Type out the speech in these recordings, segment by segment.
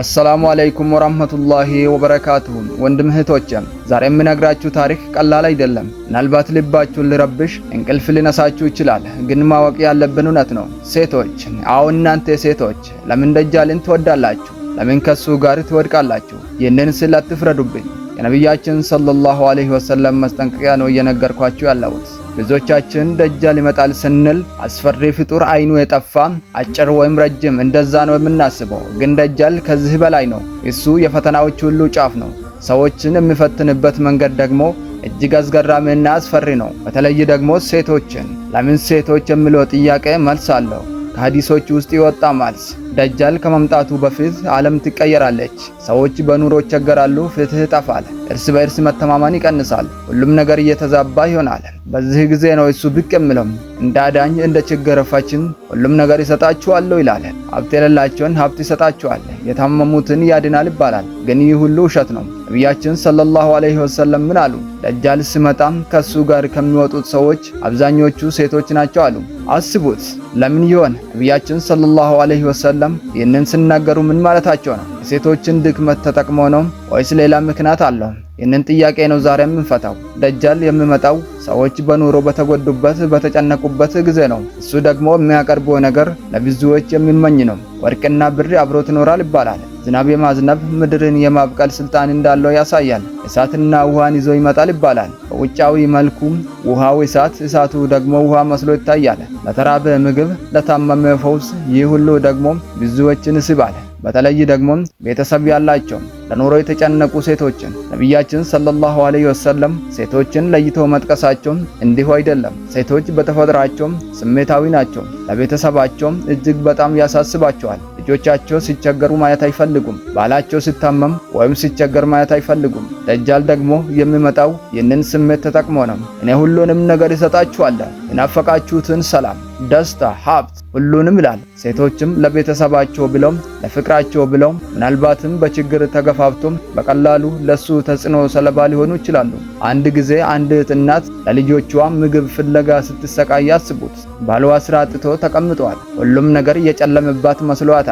አሰላሙ አለይኩም ወራህመቱላሂ ወበረካቱሁ። ወንድም እህቶቼም ዛሬ የምነግራችሁ ታሪክ ቀላል አይደለም። ምናልባት ልባችሁን ልረብሽ፣ እንቅልፍ ሊነሳችሁ ይችላል። ግን ማወቅ ያለብን እውነት ነው። ሴቶች፣ አዎ እናንተ ሴቶች ለምን ደጃልን ትወዳላችሁ? ለምን ከሱ ጋር ትወድቃላችሁ? ይህንን ስል አትፍረዱብኝ። የነቢያችን ሰለላሁ ዐለይሂ ወሰለም መስጠንቀቂያ ነው እየነገርኳችሁ ያለሁት። ብዙዎቻችን ደጃል ይመጣል ስንል አስፈሪ ፍጡር አይኑ የጠፋ አጭር ወይም ረጅም እንደዛ ነው የምናስበው። ግን ደጃል ከዚህ በላይ ነው። እሱ የፈተናዎች ሁሉ ጫፍ ነው። ሰዎችን የሚፈትንበት መንገድ ደግሞ እጅግ አስገራሚና አስፈሪ ነው። በተለይ ደግሞ ሴቶችን። ለምን ሴቶች የሚለው ጥያቄ መልስ አለው። ከሀዲሶች ውስጥ የወጣ መልስ። ደጃል ከመምጣቱ በፊት ዓለም ትቀየራለች። ሰዎች በኑሮ ይቸገራሉ፣ ፍትህ ይጠፋል፣ እርስ በእርስ መተማመን ይቀንሳል፣ ሁሉም ነገር እየተዛባ ይሆናል። በዚህ ጊዜ ነው እሱ ብቅ የሚለው፣ እንደ አዳኝ እንደ ችግር ሁሉም ነገር ይሰጣችኋለሁ ይላል። ሀብት የሌላቸውን ሀብት ይሰጣቸዋል፣ የታመሙትን ያድናል ይባላል። ግን ይህ ሁሉ ውሸት ነው። ነቢያችን ሰለላሁ ዐለይሂ ወሰለም ምን አሉ? ደጃል ስመጣም ከሱ ጋር ከሚወጡት ሰዎች አብዛኞቹ ሴቶች ናቸው አሉ። አስቡት። ለምን ይሆን? ነቢያችን ሰለላሁ ዐለይሂ ወሰለም ይህንን ሲናገሩ ምን ማለታቸው ነው? የሴቶችን ድክመት ተጠቅሞ ነው ወይስ ሌላ ምክንያት አለው? ይህንን ጥያቄ ነው ዛሬ የምንፈታው። ደጃል የምመጣው ሰዎች በኑሮ በተጎዱበት በተጨነቁበት ጊዜ ነው። እሱ ደግሞ የሚያቀርበው ነገር ለብዙዎች የሚመኝ ነው። ወርቅና ብር አብሮት ይኖራል ይባላል። ዝናብ የማዝነብ ምድርን የማብቀል ስልጣን እንዳለው ያሳያል። እሳትና ውሃን ይዞ ይመጣል ይባላል። በውጫዊ መልኩም ውሃው እሳት፣ እሳቱ ደግሞ ውሃ መስሎ ይታያል። ለተራበ ምግብ፣ ለታመመ ፈውስ፣ ይህ ሁሉ ደግሞ ብዙዎችን ስባል። በተለይ ደግሞ ቤተሰብ ያላቸው ለኑሮ የተጨነቁ ሴቶችን ነቢያችን ሰለላሁ ዐለይሂ ወሰለም ሴቶችን ለይተው መጥቀሳቸው እንዲሁ አይደለም። ሴቶች በተፈጥሯቸው ስሜታዊ ናቸው። ለቤተሰባቸው እጅግ በጣም ያሳስባቸዋል። ልጆቻቸው ሲቸገሩ ማየት አይፈልጉም። ባላቸው ሲታመም ወይም ሲቸገር ማየት አይፈልጉም። ደጃል ደግሞ የሚመጣው ይህንን ስሜት ተጠቅሞ ነው። እኔ ሁሉንም ነገር እሰጣችኋለሁ፣ የናፈቃችሁትን ሰላም ደስታ፣ ሀብት፣ ሁሉንም ይላል። ሴቶችም ለቤተሰባቸው ብለውም ለፍቅራቸው ብለውም ምናልባትም በችግር ተገፋፍቶም በቀላሉ ለሱ ተጽዕኖ ሰለባ ሊሆኑ ይችላሉ። አንድ ጊዜ አንድ እናት ለልጆቿ ምግብ ፍለጋ ስትሰቃይ አስቡት። ባልዋ ስራ አጥቶ ተቀምጧል። ሁሉም ነገር እየጨለመባት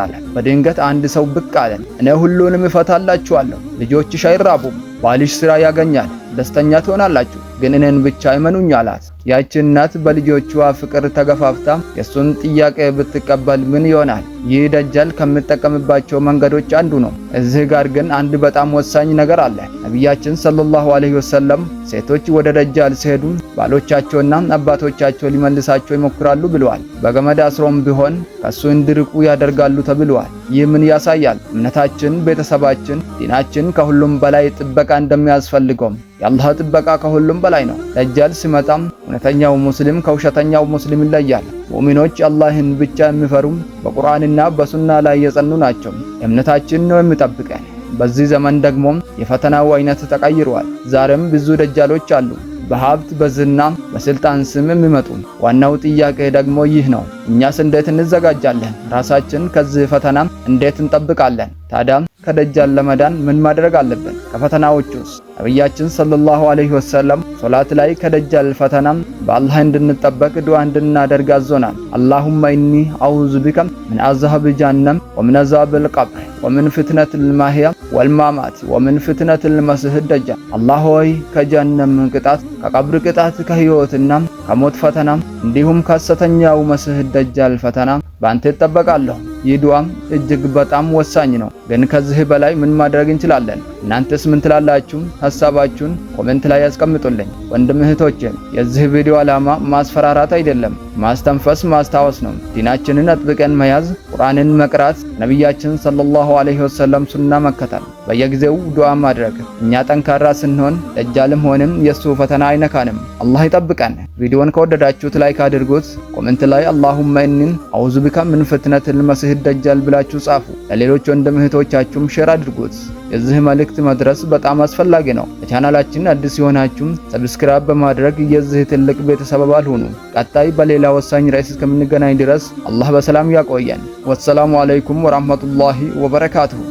አለ። በድንገት አንድ ሰው ብቅ አለ። እኔ ሁሉንም እፈታላችኋለሁ፣ ልጆችሽ አይራቡም፣ ባልሽ ስራ ያገኛል ደስተኛ ትሆናላችሁ፣ ግን እኔን ብቻ አይመኑኝ አላት። ያቺ እናት በልጆቿ ፍቅር ተገፋፍታ የእሱን ጥያቄ ብትቀበል ምን ይሆናል? ይህ ደጃል ከምጠቀምባቸው መንገዶች አንዱ ነው። እዚህ ጋር ግን አንድ በጣም ወሳኝ ነገር አለ። ነቢያችን ሰለላሁ ዐለይሂ ወሰለም ሴቶች ወደ ደጃል ሲሄዱ ባሎቻቸውና አባቶቻቸው ሊመልሳቸው ይሞክራሉ ብለዋል። በገመድ አስሮም ቢሆን ከሱ እንዲርቁ ያደርጋሉ ተብለዋል። ይህ ምን ያሳያል? እምነታችን፣ ቤተሰባችን፣ ዲናችን ከሁሉም በላይ ጥበቃ እንደሚያስፈልገውም የአላህ ጥበቃ ከሁሉም በላይ ነው። ደጃል ሲመጣም እውነተኛው ሙስሊም ከውሸተኛው ሙስሊም ይለያል። ሙእሚኖች አላህን ብቻ የሚፈሩም በቁርአንና በሱና ላይ የጸኑ ናቸው። እምነታችን ነው የሚጠብቀን። በዚህ ዘመን ደግሞ የፈተናው አይነት ተቀይሯል። ዛሬም ብዙ ደጃሎች አሉ በሀብት በዝና በስልጣን ስም የሚመጡ። ዋናው ጥያቄ ደግሞ ይህ ነው፣ እኛስ እንዴት እንዘጋጃለን? ራሳችን ከዚህ ፈተና እንዴት እንጠብቃለን? ታዲያ ከደጃል ለመዳን ምን ማድረግ አለብን? ከፈተናዎች ውስጥ ነቢያችን ሰለላሁ ዐለይሂ ወሰለም ሶላት ላይ ከደጃል ፈተናም በአላህ እንድንጠበቅ ዱዓ እንድናደርግ አዞናል። አላሁመ ኢኒ አዑዙ ቢከ ምን አዛብ ጀሃነም ወምን አዛብ ልቀብር ወምን ፍትነት ልማህያ ወልማማት ወምን ፍትነት ልመሲህ ደጃል። አላህ ሆይ ከጀሃነም ቅጣት፣ ከቀብር ቅጣት፣ ከህይወትና ከሞት ፈተና እንዲሁም ከሐሰተኛው መሲህ ደጃል ፈተና በአንተ እጠበቃለሁ። ይህ ዱዓም እጅግ በጣም ወሳኝ ነው። ግን ከዚህ በላይ ምን ማድረግ እንችላለን? እናንተስ ምን ትላላችሁ? ሀሳባችሁን ኮሜንት ላይ ያስቀምጡልኝ። ወንድም እህቶቼ፣ የዚህ ቪዲዮ ዓላማ ማስፈራራት አይደለም፣ ማስተንፈስ ማስታወስ ነው። ዲናችንን አጥብቀን መያዝ፣ ቁርአንን መቅራት፣ ነቢያችን ሰለላሁ ዐለይሂ ወሰለም ሱና መከተል፣ በየጊዜው ዱዓ ማድረግ። እኛ ጠንካራ ስንሆን ደጃልም ሆንም የሱ ፈተና አይነካንም። አላህ ይጠብቀን። ቪዲዮን ከወደዳችሁት ላይክ አድርጉት። ኮሜንት ላይ አላሁመ እኒን አውዙ መልካም ምን ፈትነተል መሲህ ደጃል ብላችሁ ጻፉ። ለሌሎች ወንድም እህቶቻችሁም ሼር አድርጉት። የዚህ መልእክት መድረስ በጣም አስፈላጊ ነው። ለቻናላችን አዲስ የሆናችሁም ሰብስክራይብ በማድረግ የዚህ ትልቅ ቤተሰብ አባል ሁኑ። ቀጣይ በሌላ ወሳኝ ርዕስ እስከምንገናኝ ድረስ አላህ በሰላም ያቆየን። ወሰላሙ አለይኩም ወራህመቱላሂ ወበረካቱሁ